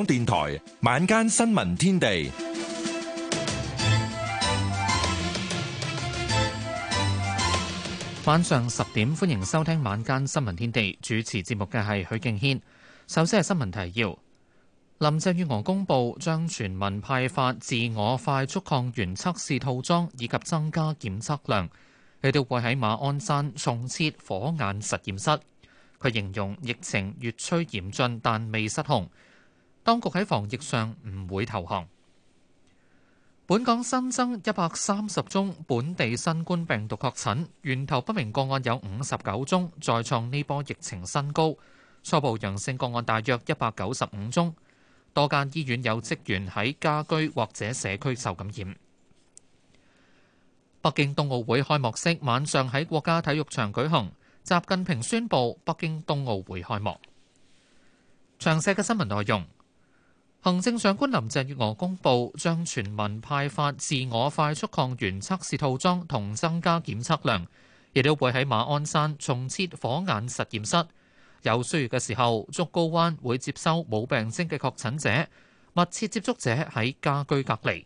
港電台晚間新聞天地，晚上十點歡迎收聽晚間新聞天地。主持節目嘅係許敬軒。首先係新聞提要：林鄭月娥公布將全民派發自我快速抗原測試套裝，以及增加檢測量。佢哋會喺馬鞍山重設火眼實驗室。佢形容疫情越趨嚴峻，但未失控。當局喺防疫上唔會投降。本港新增一百三十宗本地新冠病毒確診，源頭不明個案有五十九宗，再創呢波疫情新高。初步陽性個案大約一百九十五宗，多間醫院有職員喺家居或者社區受感染。北京冬奧會開幕式晚上喺國家體育場舉行，習近平宣布北京冬奧會開幕。詳細嘅新聞內容。行政長官林鄭月娥公布，將全民派發自我快速抗原測試套裝，同增加檢測量。亦都會喺馬鞍山重設火眼實驗室。有需要嘅時候，竹篙灣會接收冇病徵嘅確診者、密切接觸者喺家居隔離。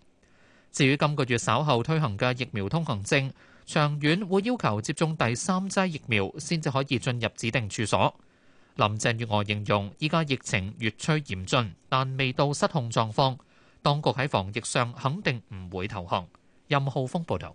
至於今個月稍後推行嘅疫苗通行證，長遠會要求接種第三劑疫苗先至可以進入指定處所。林鄭月娥形容依家疫情越趨嚴峻，但未到失控狀況，當局喺防疫上肯定唔會投降。任浩峰報道。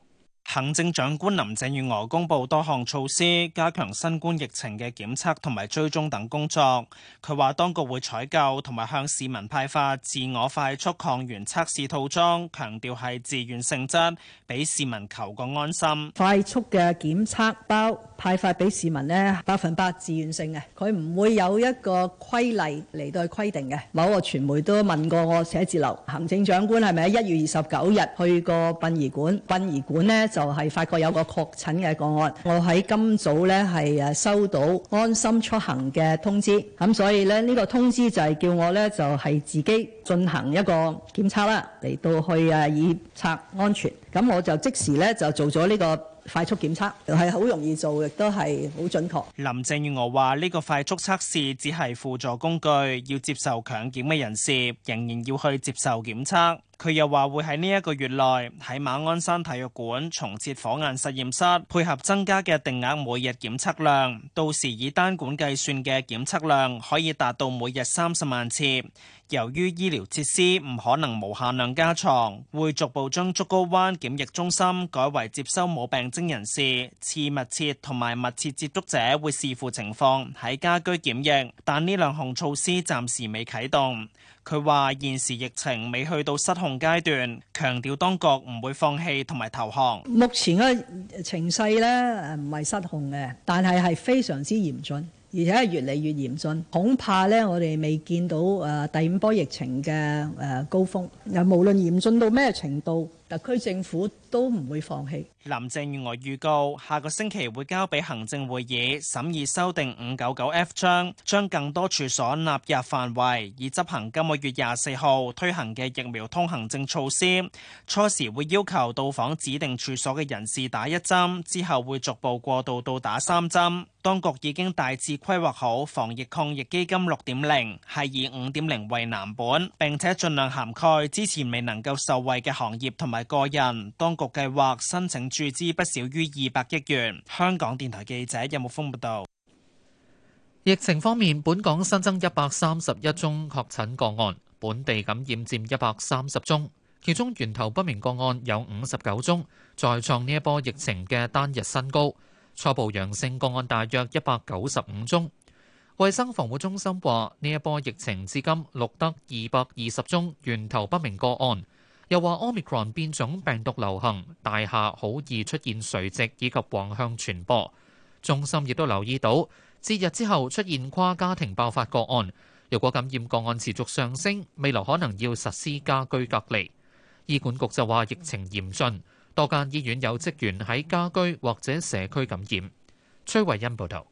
行政長官林鄭月娥公布多項措施，加強新冠疫情嘅檢測同埋追蹤等工作。佢話當局會採購同埋向市民派發自我快速抗原測試套裝，強調係自願性質，俾市民求個安心。快速嘅檢測包派發俾市民呢，百分百自願性嘅，佢唔會有一個規例嚟,到去規定嘅。某個傳媒都問過我寫字樓行政長官係咪喺一月二十九日去過殯儀館？殯儀館呢？就係發覺有個確診嘅個案，我喺今早咧係誒收到安心出行嘅通知，咁所以咧呢個通知就係叫我咧就係自己進行一個檢測啦，嚟到去誒以策安全。咁我就即時咧就做咗呢個快速檢測，係好容易做，亦都係好準確。林鄭月娥話：呢個快速測試只係輔助工具，要接受強檢嘅人士仍然要去接受檢測。佢又話會喺呢一個月內喺馬鞍山體育館重設火眼實驗室，配合增加嘅定額每日檢測量，到時以單管計算嘅檢測量可以達到每日三十萬次。由於醫療設施唔可能無限量加床，會逐步將竹篙灣檢疫中心改為接收冇病徵人士，次密切同埋密切接觸者會視乎情況喺家居檢疫，但呢兩項措施暫時未啟動。佢話現時疫情未去到失控階段，強調當局唔會放棄同埋投降。目前嘅情勢咧，唔係失控嘅，但係係非常之嚴峻，而且係越嚟越嚴峻。恐怕咧，我哋未見到誒第五波疫情嘅誒高峰。無論嚴峻到咩程度。特區政府都唔會放棄。林鄭月娥預告，下個星期會交俾行政會議審議修訂 599F 章，將更多處所納入範圍，以執行今個月廿四號推行嘅疫苗通行證措施。初時會要求到訪指定處所嘅人士打一針，之後會逐步過渡到打三針。當局已經大致規劃好防疫抗疫基金六點零，係以五點零為藍本，並且盡量涵蓋之前未能夠受惠嘅行業同埋係個人，當局計劃申請注資不少於二百億元。香港電台記者任木峰報道。疫情方面，本港新增一百三十一宗確診個案，本地感染佔一百三十宗，其中源頭不明個案有五十九宗，再創呢一波疫情嘅單日新高。初步陽性個案大約一百九十五宗。衛生防護中心話，呢一波疫情至今錄得二百二十宗源頭不明個案。又話 Omicron 變種病毒流行，大廈好易出現垂直以及橫向傳播。中心亦都留意到節日之後出現跨家庭爆發個案，若果感染個案持續上升，未來可能要實施家居隔離。醫管局就話疫情嚴峻，多間醫院有職員喺家居或者社區感染。崔慧欣報道。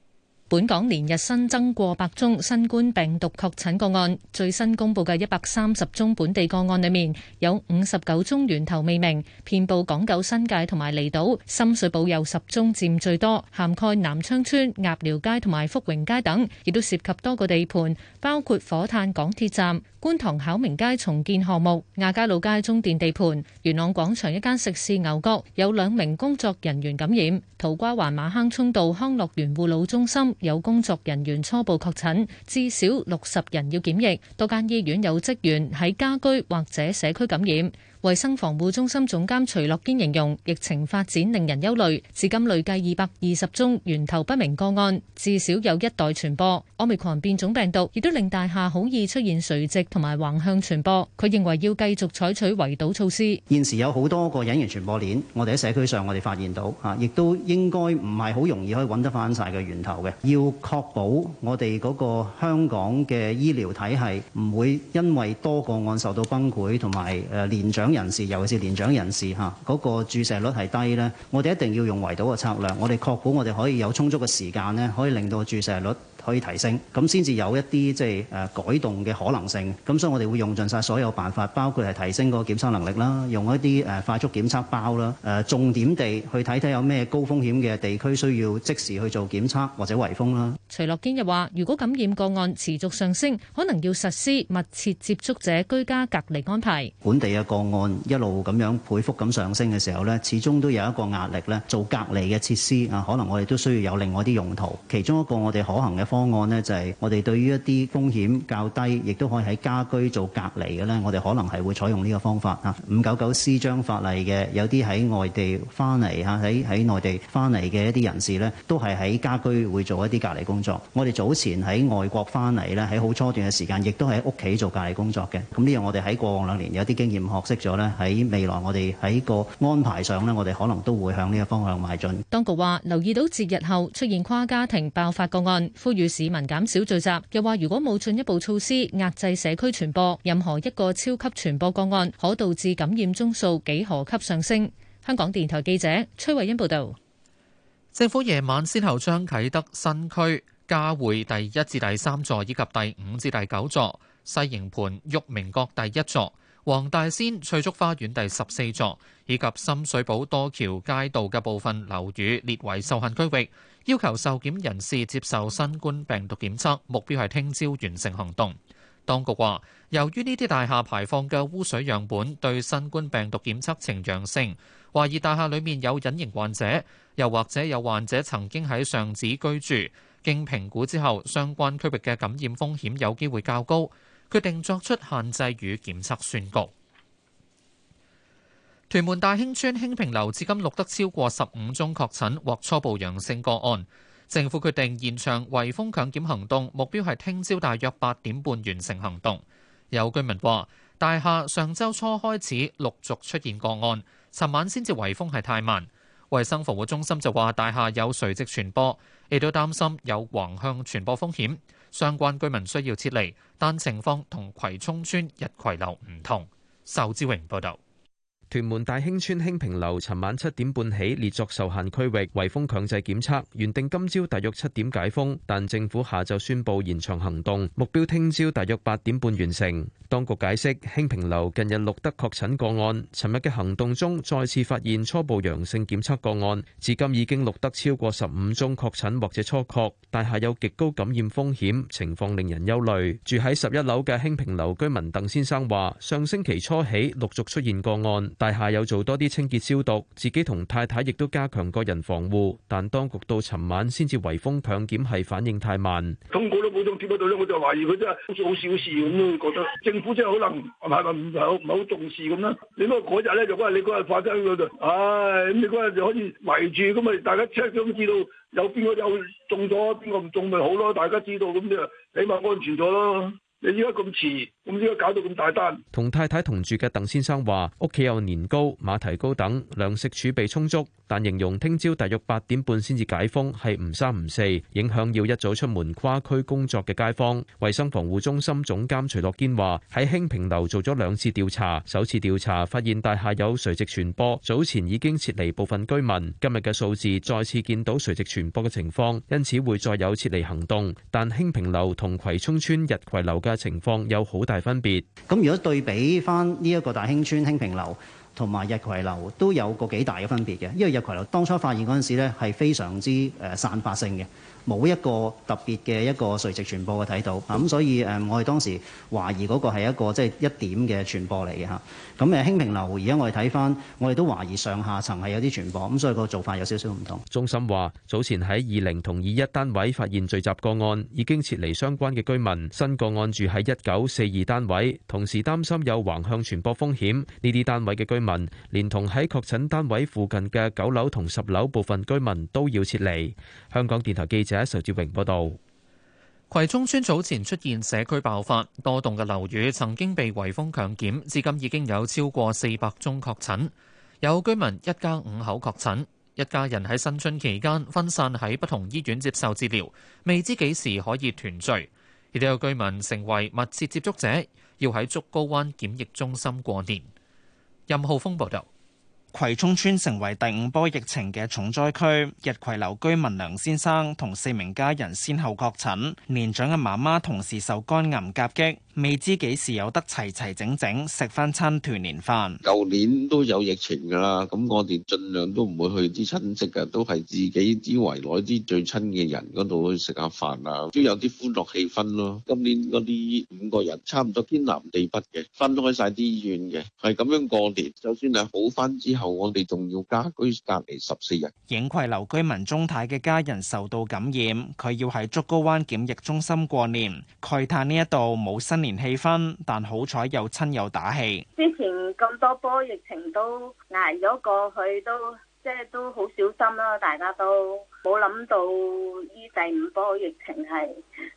本港連日新增過百宗新冠病毒確診個案，最新公布嘅一百三十宗本地個案裏面，有五十九宗源頭未明，遍佈港九新界同埋離島，深水埗有十宗佔最多，涵蓋南昌村、鴨寮街同埋福榮街等，亦都涉及多個地盤，包括火炭港鐵站。觀塘考明街重建項目、亞皆老街中電地盤、元朗廣場一間食肆牛角有兩名工作人員感染，土瓜灣馬坑涌道康樂園護老中心有工作人員初步確診，至少六十人要檢疫，多間醫院有職員喺家居或者社區感染。衛生防護中心總監徐樂堅形容疫情發展令人憂慮，至今累計二百二十宗源頭不明個案，至少有一代傳播。奧密克戎變種病毒亦都令大廈好易出現垂直同埋橫向傳播。佢認為要繼續採取圍堵措施。現時有好多個隱形傳播鏈，我哋喺社區上我哋發現到啊，亦都應該唔係好容易可以揾得翻晒嘅源頭嘅。要確保我哋嗰個香港嘅醫療體系唔會因為多個案受到崩潰同埋誒連長。人士，尤其是年長人士嚇，嗰、那個注射率係低咧，我哋一定要用圍堵嘅策略。我哋確保我哋可以有充足嘅時間咧，可以令到注射率可以提升，咁先至有一啲即係誒改動嘅可能性。咁所以我哋會用盡晒所有辦法，包括係提升個檢測能力啦，用一啲誒快速檢測包啦，誒、呃、重點地去睇睇有咩高風險嘅地區需要即時去做檢測或者圍封啦。徐樂堅又話，如果感染個案持續上升，可能要實施密切接觸者居家隔離安排。本地嘅個案一路咁樣倍幅咁上升嘅時候呢，始終都有一個壓力咧，做隔離嘅設施啊，可能我哋都需要有另外一啲用途。其中一個我哋可行嘅方案呢，就是，就係我哋對於一啲風險較低，亦都可以喺家居做隔離嘅呢。我哋可能係會採用呢個方法嚇。五九九 C 章法例嘅有啲喺外地翻嚟嚇，喺喺內地翻嚟嘅一啲人士呢，都係喺家居會做一啲隔離工作。我哋早前喺外國翻嚟咧，喺好初段嘅時間亦都喺屋企做隔離工作嘅。咁呢樣我哋喺過往兩年有啲經驗學識咗咧，喺未來我哋喺個安排上咧，我哋可能都會向呢個方向邁進。當局話留意到節日後出現跨家庭爆發個案，呼籲市民減少聚集。又話如果冇進一步措施壓制社區傳播，任何一個超級傳播個案可導致感染宗數幾何級上升。香港電台記者崔慧欣報道，政府夜晚先後將啟德新區。嘉匯第一至第三座以及第五至第九座、西營盤玉明閣第一座、黃大仙翠竹花園第十四座以及深水埗多橋街道嘅部分樓宇列為受限區域，要求受檢人士接受新冠病毒檢測。目標係聽朝完成行動。當局話，由於呢啲大廈排放嘅污水樣本對新冠病毒檢測呈陽性，懷疑大廈裏面有隱形患者，又或者有患者曾經喺上址居住。經評估之後，相關區域嘅感染風險有機會較高，決定作出限制與檢測宣告。屯門大興村興平樓至今錄得超過十五宗確診或初步陽性個案，政府決定現場圍封強檢行動，目標係聽朝大約八點半完成行動。有居民話：大廈上週初開始陸續出現個案，尋晚先至圍封係太慢。衛生服務中心就話大廈有垂直傳播，亦都擔心有橫向傳播風險，相關居民需要撤離，但情況同葵涌村日葵樓唔同。仇志榮報道。屯門大興村興平樓，尋晚七點半起列作受限區域，圍封強制檢測，原定今朝大約七點解封，但政府下晝宣布延長行動，目標聽朝大約八點半完成。當局解釋，興平樓近日錄得確診個案，尋日嘅行動中再次發現初步陽性檢測個案，至今已經錄得超過十五宗確診或者初確，大廈有極高感染風險，情況令人憂慮。住喺十一樓嘅興平樓居民鄧先生話，上星期初起陸續出現個案。大廈有做多啲清潔消毒，自己同太太亦都加強個人防護。但當局到尋晚先至圍封強檢，係反應太慢。通告都冇張貼喺度咧，我就懷疑佢真係似好小事咁咯。覺得政府真係可能係咪唔好唔好重視咁啦、哎。你嗰日咧就話你嗰日發生嗰度，唉咁你嗰日就可以圍住，咁咪大家即 h e 知道有邊個有中咗，邊個唔中咪好咯？大家知道咁就起碼安全咗咯。點解咁遲，咁點解搞到咁大單？同太太同住嘅鄧先生話，屋企有年糕、馬蹄糕等糧食儲備充足，但形容聽朝大約八點半先至解封係唔三唔四，影響要一早出門跨區工作嘅街坊。衛生防護中心總監徐樂堅話，喺興平樓做咗兩次調查，首次調查發現大廈有垂直傳播，早前已經撤離部分居民，今日嘅數字再次見到垂直傳播嘅情況，因此會再有撤離行動。但興平樓同葵涌村日葵樓嘅。情況有好大分別。咁如果對比翻呢一個大興村興平樓。同埋日葵樓都有個幾大嘅分別嘅，因為日葵樓當初發現嗰陣時咧係非常之誒散發性嘅，冇一個特別嘅一個垂直傳播嘅睇到，啊咁所以誒我哋當時懷疑嗰個係一個即係一點嘅傳播嚟嘅嚇。咁誒興平樓而家我哋睇翻，我哋都懷疑上下層係有啲傳播，咁所以個做法有少少唔同。中心話早前喺二零同二一單位發現聚集個案，已經撤離相關嘅居民，新個案住喺一九四二單位，同時擔心有橫向傳播風險，呢啲單位嘅居民民連同喺確診單位附近嘅九樓同十樓部分居民都要撤離。香港電台記者仇志榮報道，葵涌村早前出現社區爆發，多棟嘅樓宇曾經被圍封強檢，至今已經有超過四百宗確診，有居民一家五口確診，一家人喺新春期間分散喺不同醫院接受治療，未知幾時可以團聚。亦都有居民成為密切接觸者，要喺竹篙灣檢疫中心過年。任浩峰報道。葵涌邨成為第五波疫情嘅重災區，逸葵樓居民梁先生同四名家人先後確診，年長嘅媽媽同時受肝癌夾擊，未知幾時有得齊齊整整食翻餐團年飯。舊年都有疫情㗎啦，咁我哋儘量都唔會去啲親戚呀，都係自己之圍內啲最親嘅人嗰度去食下飯啊，都有啲歡樂氣氛咯。今年嗰啲五個人差唔多天南地北嘅，分開晒啲醫院嘅，係咁樣過年。就算係好翻之後，我哋仲要家居隔離十四日。影葵樓居民鍾太嘅家人受到感染，佢要喺竹篙灣檢疫中心過年，慨嘆呢一度冇新年氣氛，但好彩有親友打氣。之前咁多波疫情都挨咗過去，都即係都好小心啦。大家都冇諗到呢第五波疫情係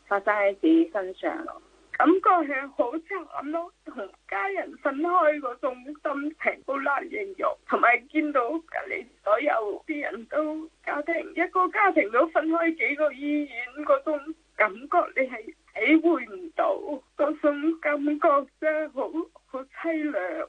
發生喺自己身上咯。感覺係好淒慘咯，同家人分開嗰種心情好難形容，同埋見到隔籬所有啲人都家庭一個家庭都分開幾個醫院嗰種感覺，你係體會唔到嗰種感覺真係，好好淒涼，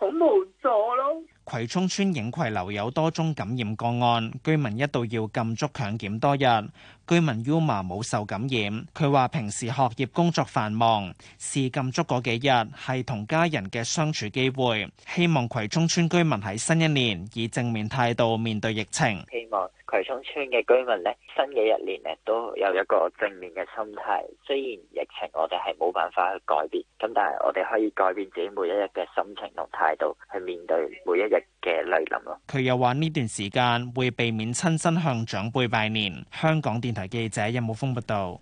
好無助咯。葵涌村影葵樓有多宗感染個案，居民一度要禁足強檢多日。居民 Uma 冇受感染，佢話平時學業工作繁忙，視禁足嗰幾日係同家人嘅相處機會，希望葵涌村居民喺新一年以正面態度面對疫情。希望葵涌村嘅居民咧，新嘅一年咧都有一個正面嘅心態，雖然疫情我哋係冇辦法去改變，咁但係我哋可以改變自己每一日嘅心情同態度去面對每一日嘅嚟臨咯。佢又話呢段時間會避免親身向長輩拜年。香港電。記者任武峰報道，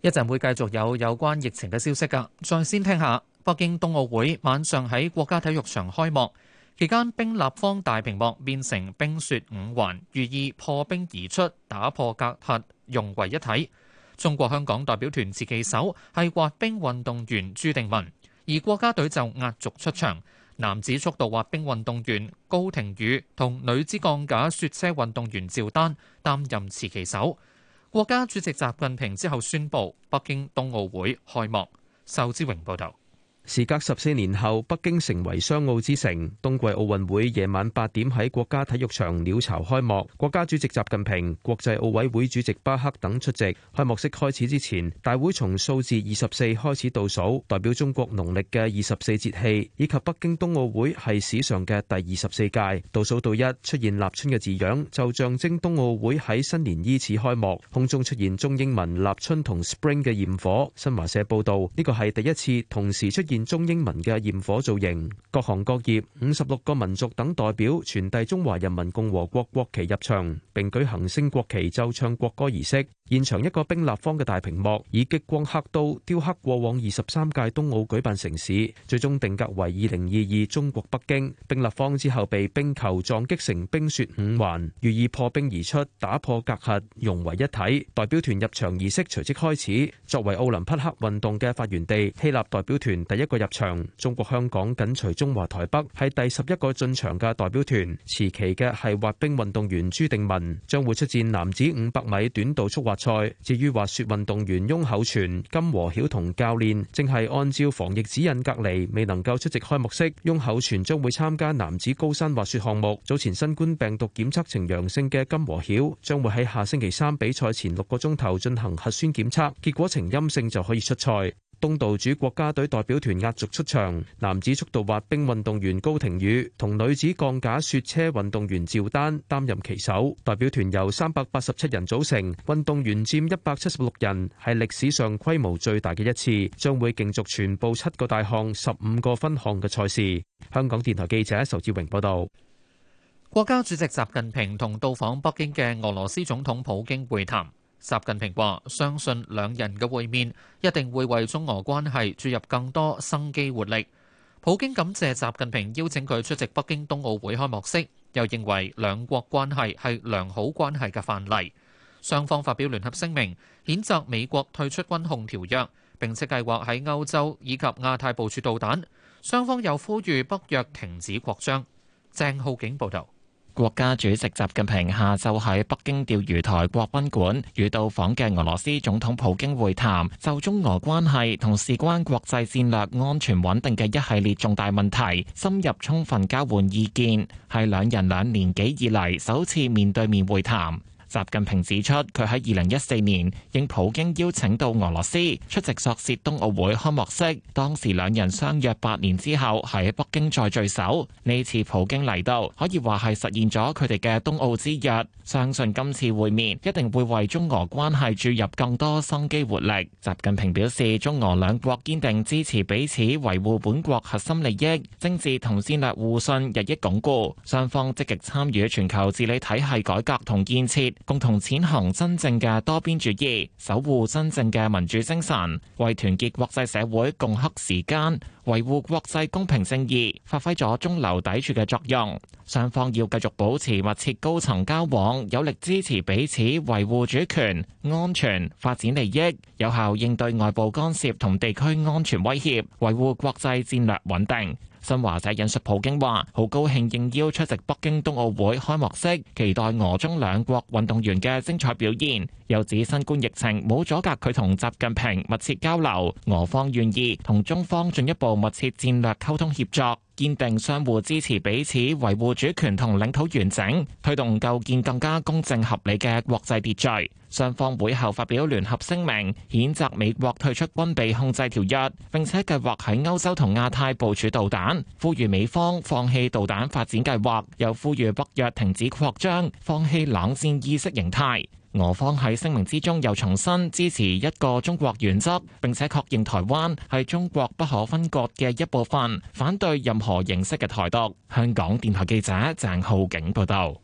一陣會繼續有有關疫情嘅消息。噶再先聽下，北京冬奧會晚上喺國家體育場開幕期間，冰立方大屏幕變成冰雪五環，寓意破冰而出，打破隔閡，融為一體。中國香港代表團持旗手係滑冰運動員朱定文，而國家隊就壓軸出場，男子速度滑冰運動員高廷宇同女子鋼架雪車運動員趙丹擔任持旗手。國家主席習近平之後宣佈北京冬奧會開幕。仇志榮報道。時隔十四年後，北京成為雙奧之城。冬季奧運會夜晚八點喺國家體育場鳥巢開幕，國家主席習近平、國際奧委會主席巴赫等出席。開幕式開始之前，大會從數字二十四開始倒數，代表中國農曆嘅二十四節氣，以及北京冬奧會係史上嘅第二十四屆。倒數到一出現立春嘅字樣，就象徵冬奧會喺新年伊始開幕。空中出現中英文立春同 Spring 嘅焰火。新華社報道，呢個係第一次同時出。建中英文嘅焰火造型，各行各業、五十六個民族等代表傳遞中華人民共和國國旗入場，並舉行升國旗、奏唱國歌儀式。現場一個冰立方嘅大屏幕以激光刻刀雕刻過往二十三屆冬奧舉辦城市，最終定格為二零二二中國北京。冰立方之後被冰球撞擊成冰雪五環，寓意破冰而出，打破隔閡，融為一體。代表團入場儀式隨即開始。作為奧林匹克運動嘅發源地，希臘代表團第。一個入場，中國香港緊隨中華台北係第十一個進場嘅代表團。持旗嘅係滑冰運動員朱定文，將會出戰男子五百米短道速滑賽。至於滑雪運動員翁厚全、金和曉同教練正係按照防疫指引隔離，未能夠出席開幕式。翁厚全將會參加男子高山滑雪項目。早前新冠病毒檢測呈陽性嘅金和曉，將會喺下星期三比賽前六個鐘頭進行核酸檢測，結果呈陰性就可以出賽。東道主國家隊代表團壓軸出場，男子速度滑冰運動員高亭宇同女子鋼架雪車運動員趙丹擔任旗手。代表團由三百八十七人組成，運動員占一百七十六人，係歷史上規模最大嘅一次，將會競逐全部七個大項、十五個分項嘅賽事。香港電台記者仇志榮報道。國家主席習近平同到訪北京嘅俄羅斯總統普京會談。習近平話：相信兩人嘅會面一定會為中俄關係注入更多生機活力。普京感謝習近平邀請佢出席北京冬奧會開幕式，又認為兩國關係係良好關係嘅範例。雙方發表聯合聲明，譴責美國退出軍控條約，並且計劃喺歐洲以及亞太部署導彈。雙方又呼籲北約停止擴張。鄭浩景報導。國家主席習近平下晝喺北京釣魚台國賓館與到訪嘅俄羅斯總統普京會談，就中俄關係同事關國際戰略安全穩定嘅一系列重大問題深入充分交換意見，係兩人兩年幾以嚟首次面對面會談。習近平指出，佢喺二零一四年應普京邀請到俄羅斯出席索契冬奧會開幕式，當時兩人相約八年之後喺北京再聚首。呢次普京嚟到，可以話係實現咗佢哋嘅冬奧之約。相信今次會面一定會為中俄關係注入更多生機活力。習近平表示，中俄兩國堅定支持彼此維護本國核心利益，政治同戰略互信日益鞏固，雙方積極參與全球治理體系改革同建設。共同踐行，真正嘅多邊主義，守護真正嘅民主精神，為團結國際社會共克時艱，維護國際公平正義，發揮咗中流砥柱嘅作用。雙方要繼續保持密切高層交往，有力支持彼此維護主權、安全、發展利益，有效應對外部干涉同地區安全威脅，維護國際戰略穩定。新華社引述普京話，好高興應邀出席北京冬奧會開幕式，期待俄中兩國運動員嘅精彩表現。又指新冠疫情冇阻隔佢同習近平密切交流，俄方願意同中方進一步密切戰略溝通協作。堅定相互支持，彼此維護主權同領土完整，推動構建更加公正合理嘅國際秩序。雙方會後發表聯合聲明，譴責美國退出軍備控制條約，並且計劃喺歐洲同亞太部署導彈，呼籲美方放棄導彈發展計劃，又呼籲北約停止擴張，放棄冷戰意識形態。俄方喺聲明之中又重申支持一個中國原則，並且確認台灣係中國不可分割嘅一部分，反對任何形式嘅台獨。香港電台記者鄭浩景報道。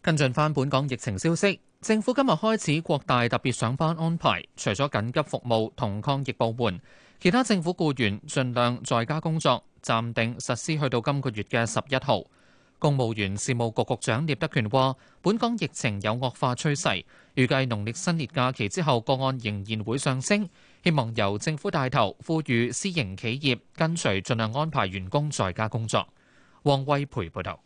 跟進翻本港疫情消息，政府今日開始擴大特別上班安排，除咗緊急服務同抗疫部門，其他政府雇員盡量在家工作，暫定實施去到今個月嘅十一號。公務員事務局局長聶德權話：本港疫情有惡化趨勢，預計農曆新年假期之後個案仍然會上升，希望由政府帶頭，呼籲私營企業跟隨，盡量安排員工在家工作。王慧培報道。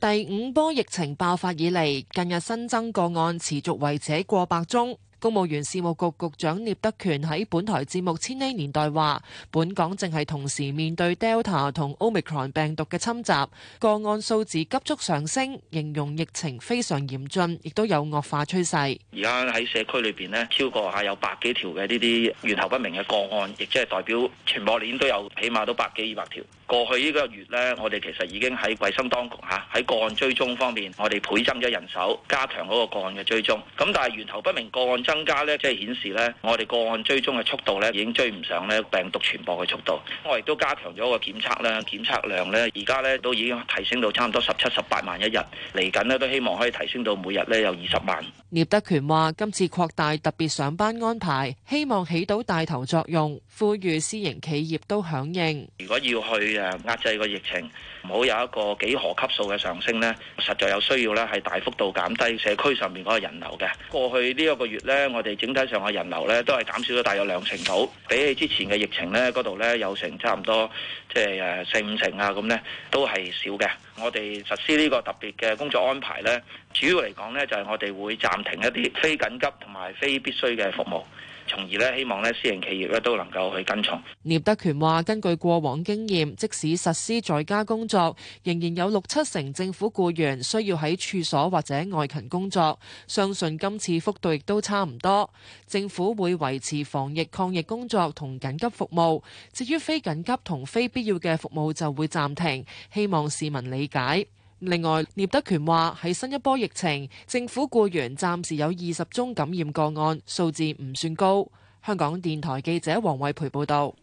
第五波疫情爆發以嚟，近日新增個案持續維持過百宗。公務員事務局局長聶德權喺本台節目《千禧年代》話，本港正係同時面對 Delta 同 Omicron 病毒嘅侵襲，個案數字急速上升，形容疫情非常嚴峻，亦都有惡化趨勢。而家喺社區裏邊呢，超過啊有百幾條嘅呢啲源頭不明嘅個案，亦即係代表全個年都有起碼都百幾二百條。過去呢個月呢，我哋其實已經喺衞生當局嚇喺、啊、個案追蹤方面，我哋倍增咗人手，加強嗰個個案嘅追蹤。咁但係源頭不明個案增加呢，即係顯示呢，我哋個案追蹤嘅速度呢已經追唔上呢病毒傳播嘅速度。我亦都加強咗個檢測咧，檢測量呢而家呢都已經提升到差唔多十七、十八萬一日，嚟緊呢，都希望可以提升到每日呢有二十萬。聶德權話：今次擴大特別上班安排，希望起到帶頭作用，呼籲私營企業都響應。如果要去，壓制個疫情，唔好有一個幾何級數嘅上升呢，實在有需要呢，係大幅度減低社區上面嗰個人流嘅。過去呢一個月呢，我哋整體上嘅人流呢都係減少咗大約兩成度，比起之前嘅疫情呢，嗰度呢有成差唔多，即係誒四五成啊咁呢，都係少嘅。我哋實施呢個特別嘅工作安排呢，主要嚟講呢就係我哋會暫停一啲非緊急同埋非必須嘅服務。從而咧，希望咧，私營企業咧都能夠去跟從。聶德權話，根據過往經驗，即使實施在家工作，仍然有六七成政府僱員需要喺處所或者外勤工作。相信今次幅度亦都差唔多。政府會維持防疫抗疫工作同緊急服務，至於非緊急同非必要嘅服務就會暫停，希望市民理解。另外，聶德權話：喺新一波疫情，政府僱員暫時有二十宗感染個案，數字唔算高。香港電台記者黃惠培報道。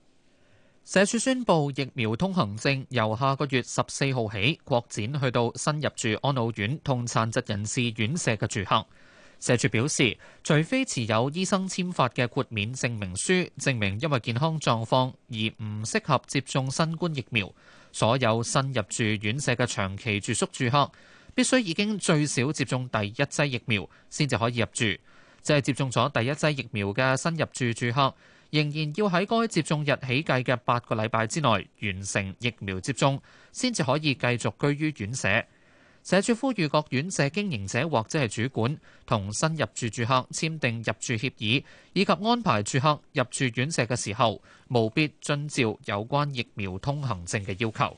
社署宣布疫苗通行證由下個月十四號起擴展去到新入住安老院同殘疾人士院舍嘅住客。社署表示，除非持有醫生簽發嘅豁免證明書，證明因為健康狀況而唔適合接種新冠疫苗，所有新入住院舍嘅長期住宿住客必須已經最少接種第一劑疫苗，先至可以入住。即係接種咗第一劑疫苗嘅新入住住客，仍然要喺該接種日起計嘅八個禮拜之內完成疫苗接種，先至可以繼續居於院舍。社署呼籲各院舍經營者或者係主管，同新入住住客簽訂入住協議，以及安排住客入住院舍嘅時候，務必遵照有關疫苗通行證嘅要求。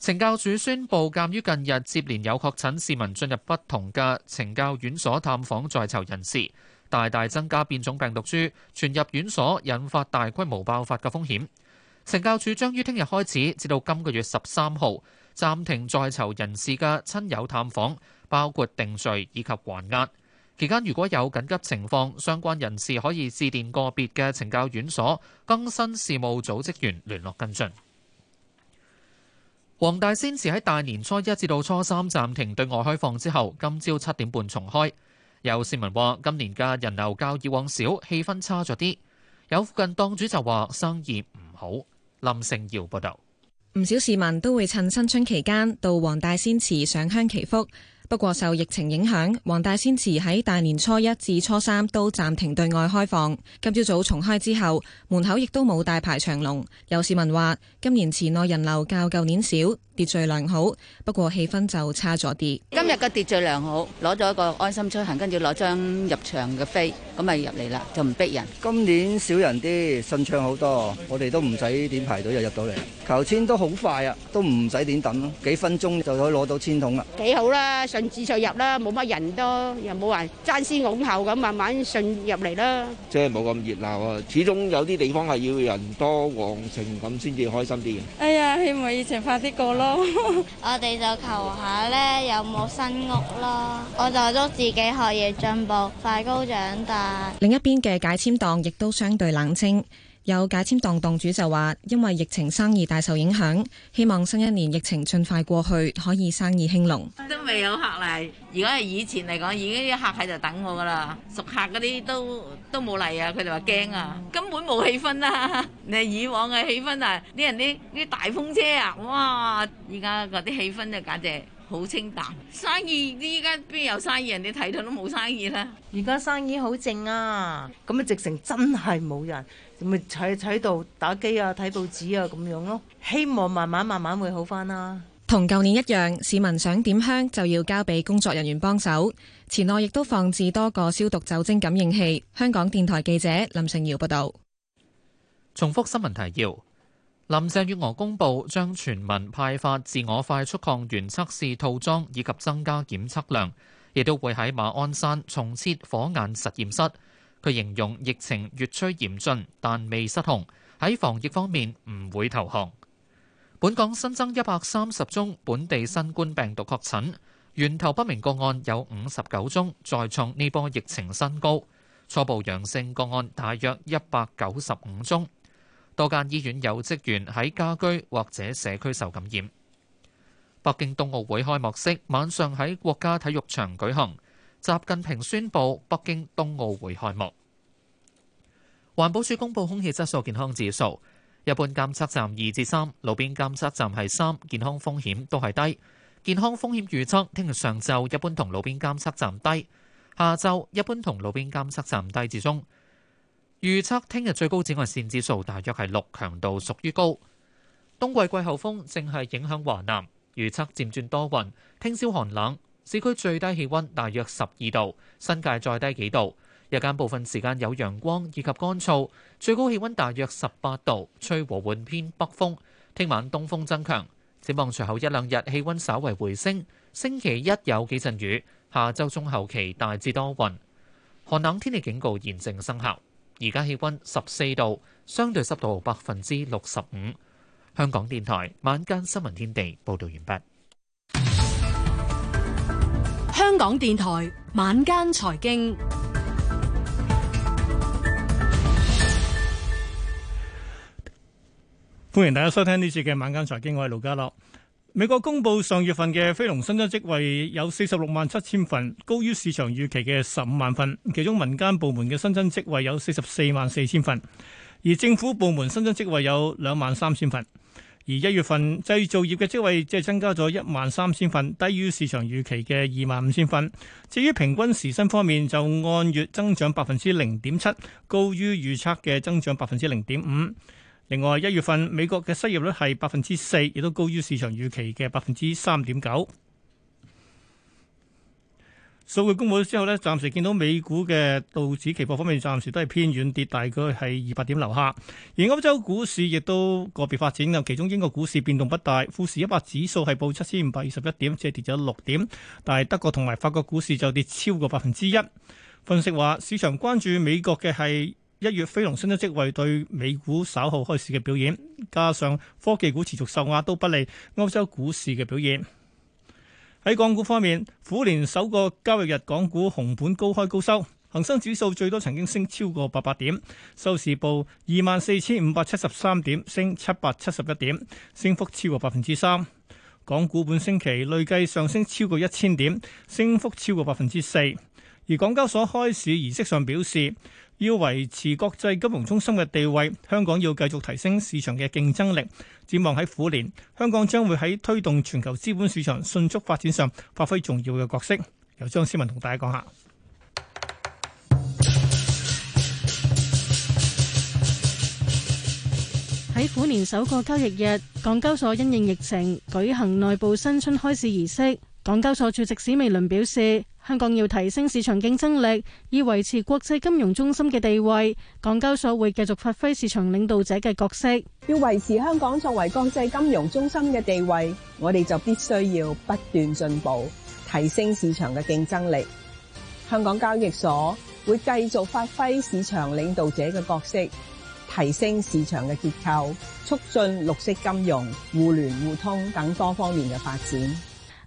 懲教署宣布，鑑於近日接連有確診市民進入不同嘅懲教院所探訪在囚人士，大大增加變種病毒株傳入院所，引發大規模爆發嘅風險。懲教署將於聽日開始，至到今個月十三號，暫停在囚人士嘅親友探訪，包括定罪以及還押。期間如果有緊急情況，相關人士可以致電個別嘅懲教院所更新事務組職員聯絡跟進。黃大仙祠喺大年初一至到初三暫停對外開放之後，今朝七點半重開。有市民話今年嘅人流較以往少，氣氛差咗啲。有附近檔主就話生意唔好。林盛耀報導。唔少市民都會趁新春期間到黃大仙祠上香祈福，不過受疫情影響，黃大仙祠喺大年初一至初三都暫停對外開放。今朝早，早重開之後，門口亦都冇大排長龍。有市民話，今年祠內人流較舊年少。秩序良好，不過氣氛就差咗啲。今日嘅秩序良好，攞咗一個安心出行，跟住攞張入場嘅飛，咁咪入嚟啦，就唔逼人。今年少人啲，順暢好多，我哋都唔使點排隊就入到嚟。求籤都好快啊，都唔使點等，幾分鐘就可以攞到籤筒啦。幾好啦，順序就入啦，冇乜人多，又冇話爭先恐後咁慢慢順入嚟啦。即係冇咁熱鬧啊，始終有啲地方係要人多旺盛咁先至開心啲嘅。哎呀，希望疫情快啲過咯～ 我哋就求下咧，有冇新屋咯？我就祝自己學業進步，快高長大。另一邊嘅解簽檔亦都相對冷清。有解籤檔檔主就話：因為疫情生意大受影響，希望新一年疫情盡快過去，可以生意興隆。都未有客嚟，如果係以前嚟講，已經啲客喺度等我噶啦。熟客嗰啲都都冇嚟啊，佢哋話驚啊，根本冇氣氛啊。你以往嘅氣氛啊，啲、啊、人啲啲大風車啊，哇！而家嗰啲氣氛就簡直好清淡，生意依家邊有生意？人哋睇到都冇生意啦。而家生意好靜啊，咁啊，直情真係冇人。咪喺喺度打機啊、睇報紙啊咁樣咯，希望慢慢慢慢會好返啦。同舊年一樣，市民想點香就要交俾工作人員幫手。前內亦都放置多個消毒酒精感應器。香港電台記者林勝瑤報道。重複新聞提要：林鄭月娥公布將全民派發自我快速抗原測試套裝，以及增加檢測量，亦都會喺馬鞍山重設火眼實驗室。佢形容疫情越趨嚴峻，但未失控。喺防疫方面唔會投降。本港新增一百三十宗本地新冠病毒確診，源頭不明個案有五十九宗，再創呢波疫情新高。初步陽性個案大約一百九十五宗。多間醫院有職員喺家居或者社區受感染。北京冬奧會開幕式晚上喺國家體育場舉行。習近平宣布北京冬奧會開幕。環保署公布空氣質素健康指數，一般監測站二至三，路邊監測站係三，健康風險都係低。健康風險預測聽日上晝一般同路邊監測站低，下晝一般同路邊監測站低至中。預測聽日最高紫外線指數大約係六，強度屬於高。冬季季候風正係影響華南，預測漸轉多雲，聽宵寒冷，冷。市區最低氣温大約十二度，新界再低幾度。日間部分時間有陽光以及乾燥，最高氣温大約十八度，吹和緩偏北風。聽晚東風增強，展望隨後一兩日氣温稍為回升。星期一有幾陣雨，下周中後期大致多雲。寒冷天氣警告現正生效。而家氣温十四度，相對濕度百分之六十五。香港電台晚間新聞天地報道完畢。香港電台晚間財經，歡迎大家收聽呢次嘅晚間財經，我係盧家樂。美國公布上月份嘅非農新增職位有四十六萬七千份，高於市場預期嘅十五萬份。其中民間部門嘅新增職位有四十四萬四千份，而政府部門新增職位有兩萬三千份。1> 而一月份製造業嘅職位即係增加咗一萬三千份，低於市場預期嘅二萬五千份。至於平均時薪方面，就按月增長百分之零點七，高於預測嘅增長百分之零點五。另外，一月份美國嘅失業率係百分之四，亦都高於市場預期嘅百分之三點九。數據公佈之後咧，暫時見到美股嘅道指期貨方面暫時都係偏軟跌，大概係二百點樓下。而歐洲股市亦都個別發展嘅，其中英國股市變動不大，富時一百指數係報七千五百二十一點，只係跌咗六點。但係德國同埋法國股市就跌超過百分之一。分析話，市場關注美國嘅係一月非農新增職位對美股稍後開市嘅表現，加上科技股持續受壓都不利歐洲股市嘅表現。喺港股方面，虎年首個交易日，港股紅盤高開高收，恒生指數最多曾經升超過八百點，收市報二萬四千五百七十三點，升七百七十一點，升幅超過百分之三。港股本星期累計上升超過一千點，升幅超過百分之四。而港交所開市儀式上表示，要維持國際金融中心嘅地位，香港要繼續提升市場嘅競爭力。展望喺虎年，香港將會喺推動全球資本市場迅速發展上發揮重要嘅角色。由張思文同大家講下。喺虎年首個交易日，港交所因應疫情舉行內部新春開市儀式。港交所主席史美倫表示，香港要提升市場競爭力，以維持國際金融中心嘅地位。港交所會繼續發揮市場領導者嘅角色，要維持香港作為國際金融中心嘅地位，我哋就必須要不斷進步，提升市場嘅競爭力。香港交易所會繼續發揮市場領導者嘅角色，提升市場嘅結構，促進綠色金融、互聯互通等多方面嘅發展。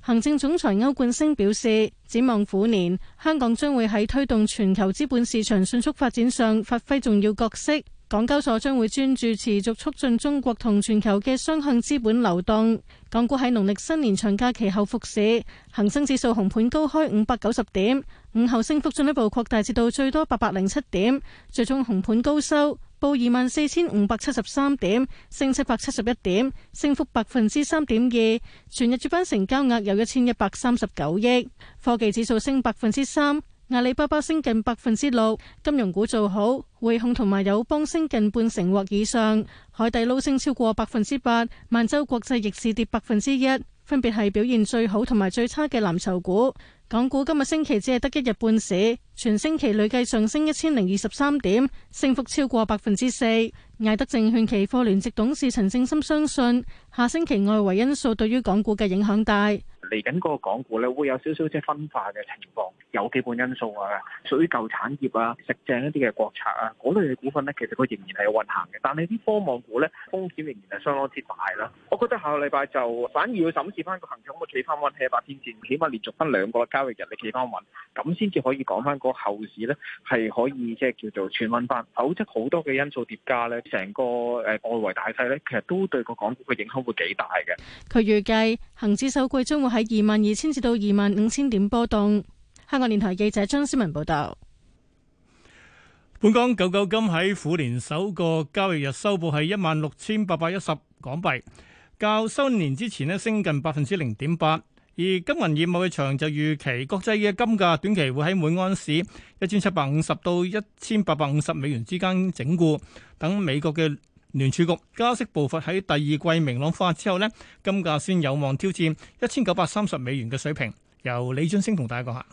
行政總裁歐冠昇表示，展望虎年，香港將會喺推動全球資本市場迅速發展上發揮重要角色。港交所將會專注持續促進中國同全球嘅雙向資本流動。港股喺農曆新年長假期後復市，恒生指數紅盤高開五百九十點，午後升幅進一步擴大至到最多八百零七點，最終紅盤高收。報二萬四千五百七十三點，升七百七十一點，升幅百分之三點二。全日主板成交額有一千一百三十九億。科技指數升百分之三，阿里巴巴升近百分之六。金融股做好，匯控同埋友邦升近半成或以上，海底撈升超過百分之八，萬洲國際逆市跌百分之一。分別係表現最好同埋最差嘅藍籌股。港股今日星期只係得一日半市，全星期累計上升一千零二十三點，升幅超過百分之四。艾德證券期貨聯席董事陳正深相信，下星期外圍因素對於港股嘅影響大。嚟緊嗰個港股咧，會有少少即係分化嘅情況，有基本因素啊，屬於舊產業啊、食正一啲嘅國策啊，嗰類嘅股份咧，其實佢仍然係有運行嘅。但係啲科網股咧，風險仍然係相當之大啦。我覺得下個禮拜就反而要審視翻個恆指咁唔企翻穩，起白天線，起碼連續翻兩個交易日你企翻穩，咁先至可以講翻嗰後市咧係可以即係叫做串穩翻。否則好多嘅因素疊加咧，成個誒外圍大勢咧，其實都對個港股嘅影響會幾大嘅。佢預計恆指首季將會係喺二萬二千至到二萬五千點波動。香港電台記者張思文報道。本港九九金喺虎年首個交易日收報係一萬六千八百一十港幣，較新年之前咧升近百分之零點八。而金銀業務嘅長就預期，國際嘅金價短期會喺每安士一千七百五十到一千八百五十美元之間整固，等美國嘅。聯儲局加息步伐喺第二季明朗化之後呢，金價先有望挑戰一千九百三十美元嘅水平。由李津升同大家講下。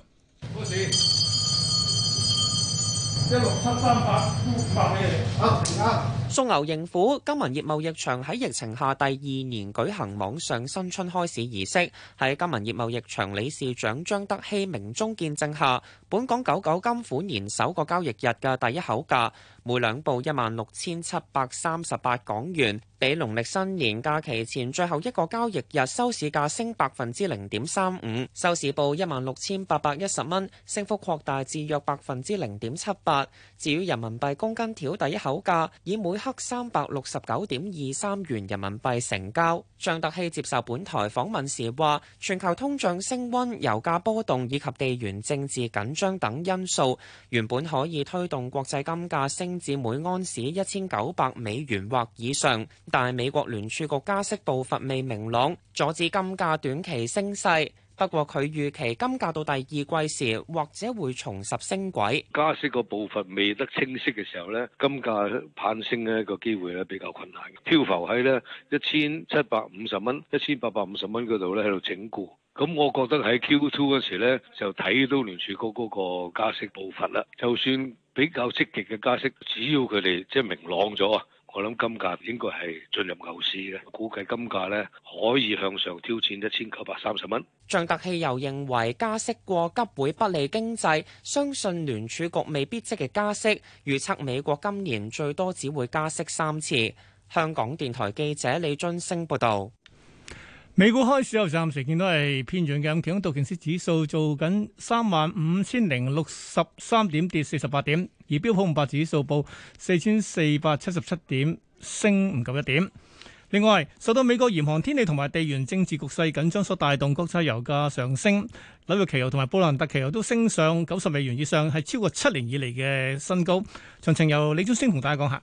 中牛應虎，金銀業貿易場喺疫情下第二年舉行網上新春開市儀式，喺金銀業貿易場理事長張德熙明中見證下，本港九九金虎年首個交易日嘅第一口價，每兩報一萬六千七百三十八港元，比農曆新年假期前最後一個交易日收市價升百分之零點三五，收市報一萬六千八百一十蚊，升幅擴大至約百分之零點七八。至於人民幣公斤條，第一口價以每三百六十九點二三元人民幣成交。張德熙接受本台訪問時話，全球通脹升溫、油價波動以及地緣政治緊張等因素，原本可以推動國際金價升至每安士一千九百美元或以上，但美國聯儲局加息步伐未明朗，阻止金價短期升勢。不過佢預期金價到第二季時，或者會重拾升軌。加息個步伐未得清晰嘅時候咧，金價攀升咧個機會咧比較困難。漂浮喺咧一千七百五十蚊、一千八百五十蚊嗰度咧喺度整固。咁我覺得喺 Q two 嗰時咧就睇到聯儲局嗰個加息步伐啦。就算比較積極嘅加息，只要佢哋即係明朗咗啊。我諗金價應該係進入牛市嘅，估計金價呢可以向上挑戰一千九百三十蚊。橡特汽油認為加息過急會不利經濟，相信聯儲局未必積極加息，預測美國今年最多只會加息三次。香港電台記者李津升報道。美股開市後暫時見到係偏軟嘅，道瓊斯指數做緊三萬五千零六十三點，跌四十八點。而標普五百指數報四千四百七十七點，升唔夠一點。另外，受到美國嚴寒天氣同埋地緣政治局勢緊張所帶動，國際油價上升，紐約期油同埋布蘭特期油都升上九十美元以上，係超過七年以嚟嘅新高。詳情由李忠星同大家講下。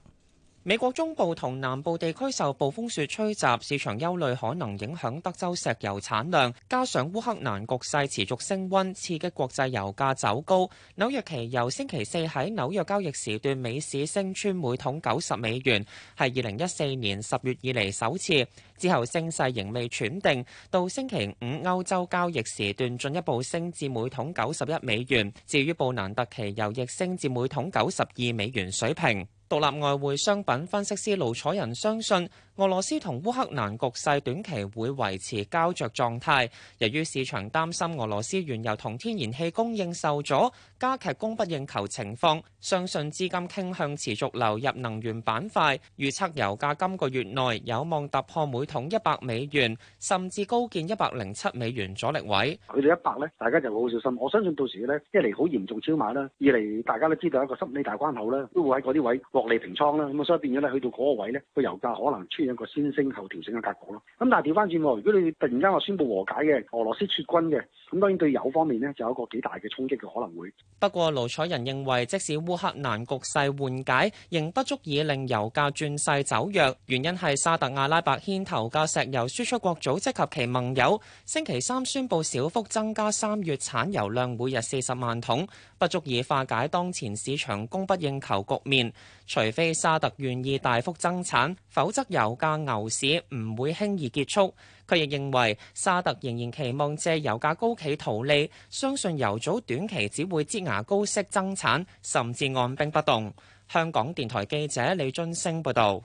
美國中部同南部地區受暴風雪吹襲，市場憂慮可能影響德州石油產量，加上烏克蘭局勢持續升溫，刺激國際油價走高。紐約期油星期四喺紐約交易時段，美市升穿每桶九十美元，係二零一四年十月以嚟首次。之後升勢仍未喘定，到星期五歐洲交易時段進一步升至每桶九十一美元。至於布蘭特期油亦升至每桶九十二美元水平。獨立外匯商品分析師盧楚仁相信，俄羅斯同烏克蘭局勢短期會維持膠着狀態，由於市場擔心俄羅斯原油同天然氣供應受阻，加劇供不應求情況，相信資金傾向持續流入能源板塊。預測油價今個月內有望突破每桶一百美元，甚至高見一百零七美元阻力位。去到一百呢，大家就好小心。我相信到時呢，一嚟好嚴重超買啦，二嚟大家都知道一個心理大關口啦，都會喺嗰啲位落利平倉啦。咁所以變咗咧，去到嗰個位呢，個油價可能一個先升後調整嘅格局咯，咁但係調翻轉，如果你突然間話宣布和解嘅，俄羅斯撤軍嘅。咁當然對油方面咧，就有一個幾大嘅衝擊，嘅可能會。不過，盧彩仁認為，即使烏克蘭局勢緩解，仍不足以令油價轉勢走弱。原因係沙特阿拉伯牽頭嘅石油輸出國組織及其盟友，星期三宣布小幅增加三月產油量每日四十萬桶，不足以化解當前市場供不應求局面。除非沙特願意大幅增產，否則油價牛市唔會輕易結束。佢亦認為，沙特仍然期望借油價高企圖利，相信油組短期只會擠牙膏式增產，甚至按兵不動。香港電台記者李津星報導。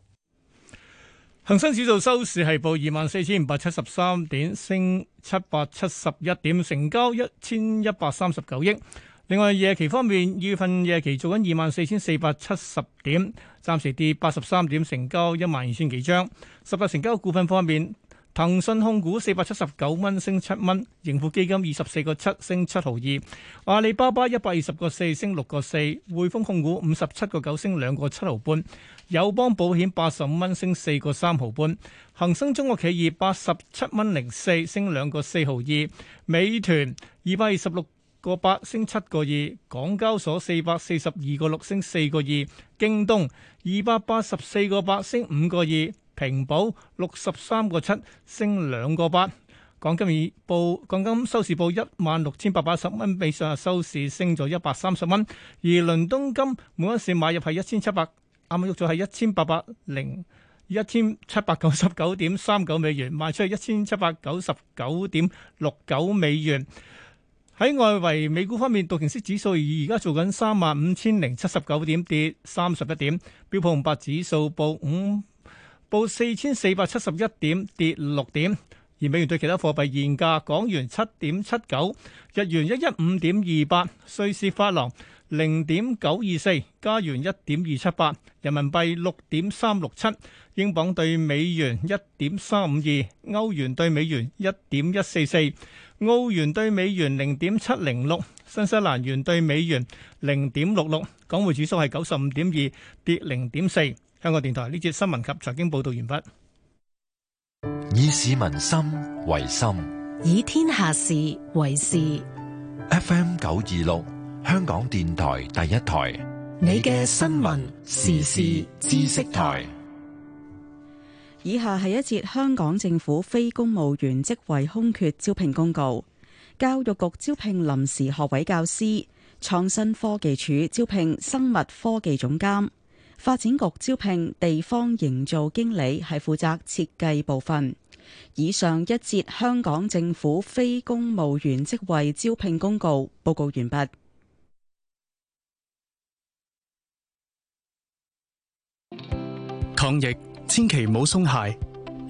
恒生指數收市係報二萬四千五百七十三點，升七百七十一點，成交一千一百三十九億。另外，夜期方面，二月份夜期做緊二萬四千四百七十點，暫時跌八十三點，成交一萬二千幾張。十大成交股份方面。騰訊控股四百七十九蚊升七蚊，盈富基金二十四個七升七毫二，阿里巴巴一百二十個四升六個四，匯豐控股五十七個九升兩個七毫半，友邦保險八十五蚊升四個三毫半，恒生中國企業八十七蚊零四升兩個四毫二，美團二百二十六個八升七個二，港交所四百四十二個六升四個二，京東二百八十四個八升五個二。平保六十三個七升兩個八，港金已報港金收市報一萬六千八百八十蚊，比上日收市升咗一百三十蚊。而倫敦金每盎士買入係一千七百，啱啱喐咗係一千八百零一千七百九十九點三九美元，賣出去一千七百九十九點六九美元。喺外圍美股方面，道瓊斯指數而家做緊三萬五千零七十九點，跌三十一點，標普五百指數報五。嗯報四千四百七十一點，跌六點。而美元對其他貨幣現價：港元七點七九，日元一一五點二八，瑞士法郎零點九二四，加元一點二七八，人民幣六點三六七，英鎊對美元一點三五二，歐元對美元一點一四四，澳元對美元零點七零六，新西蘭元對美元零點六六。港匯指數係九十五點二，跌零點四。香港電台呢節新聞及財經報道完畢。以市民心為心，以天下事為事。F. M. 九二六，香港電台第一台。你嘅新聞時事知識台。以下係一節香港政府非公務員職位空缺招聘公告。教育局招聘臨時學位教師，創新科技署招聘生物科技總監。發展局招聘地方營造經理，係負責設計部分。以上一節香港政府非公務員職位招聘公告。報告完畢。抗疫，千祈唔好鬆懈。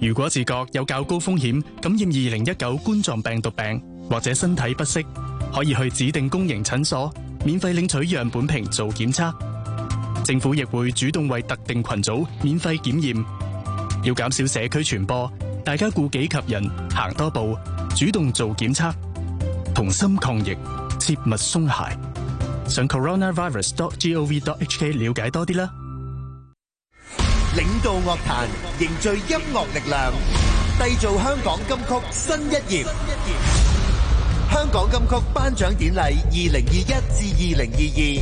如果自覺有較高風險感染政府亦會主動為特定群組免費檢驗，要減少社區傳播，大家顧己及人，行多步，主動做檢測，同心抗疫，切勿鬆懈。上 coronavirus.gov.hk 了解多啲啦。領導樂壇，凝聚音樂力量，締造香港金曲新一頁。香港金曲頒獎典禮2021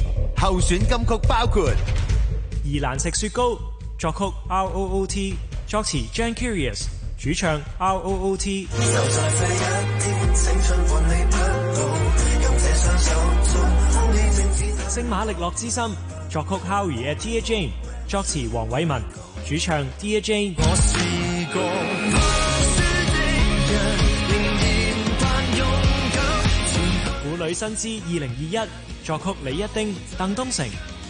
至候選金曲包括《宜蘭食雪糕》，作曲 ROOT，作詞 Jan Curious，主唱 ROOT。星馬力諾之心，作曲 Howie at Dear Jane，作詞黃偉文，主唱 Dear Jane。最新之二零二一，作曲李一丁、鄧東城，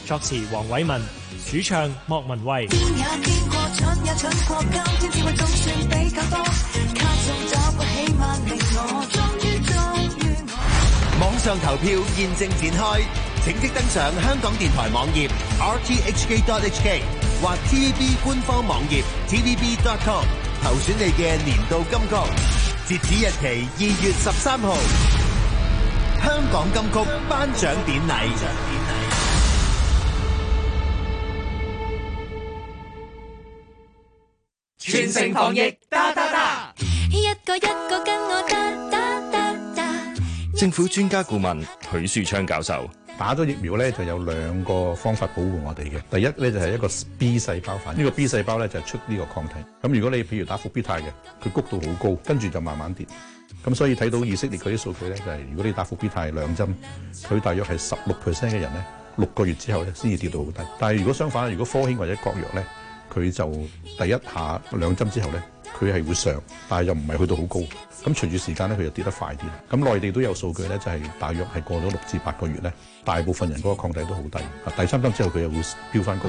作詞黃偉文，主唱莫文蔚。網上投票現正展開，請即登上香港電台網頁 rthk.hk 或 TVB 官方網頁 tvb.com 投選你嘅年度金曲，截止日期二月十三號。香港金曲頒獎典禮。全城防疫，噠噠噠！一個一個跟我噠噠噠噠。政府專家顧問許樹昌教授。打咗疫苗呢，就有兩個方法保護我哋嘅。第一呢，就係一個 B 細胞反應，呢個 B 咁所以睇到以色列嗰啲數據咧，就係、是、如果你打復必泰兩針，佢大約係十六 percent 嘅人咧，六個月之後咧先至跌到好低。但係如果相反，如果科興或者國藥咧，佢就第一下兩針之後咧，佢係會上，但係又唔係去到好高。咁隨住時間咧，佢又跌得快啲。咁內地都有數據咧，就係、是、大約係過咗六至八個月咧，大部分人嗰個抗體都好低。啊，第三針之後佢又會飆翻高。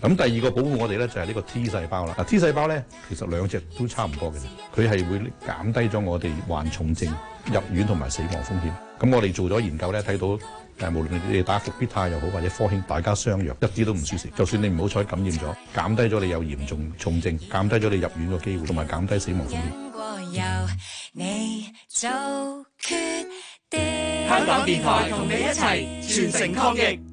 咁第二個保護我哋咧就係、是、呢個 T 細胞啦。嗱，T 細胞咧其實兩隻都差唔多嘅，佢係會減低咗我哋患重症、入院同埋死亡風險。咁我哋做咗研究咧，睇到誒、呃、無論你哋打伏必泰又好，或者科興大家相若，一啲都唔輸蝕。就算你唔好彩感染咗，減低咗你有嚴重重症，減低咗你入院嘅機會，同埋減低死亡風險。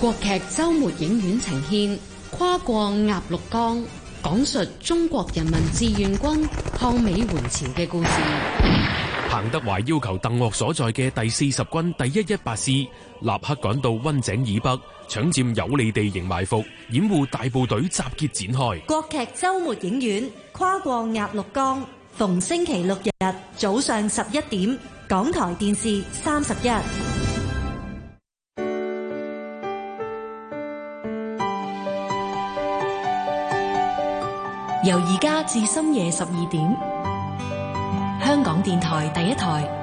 國劇周末影院呈現《跨過鴨綠江》，講述中國人民志願軍抗美援朝嘅故事。彭德懷要求鄧岳所在嘅第四十軍第一一八師立刻趕到温井以北，搶占有利地形埋伏，掩護大部隊集結展開。國劇周末影院《跨過鴨綠江》，逢星期六日早上十一點，港台電視三十一。由而家至深夜十二點，香港電台第一台。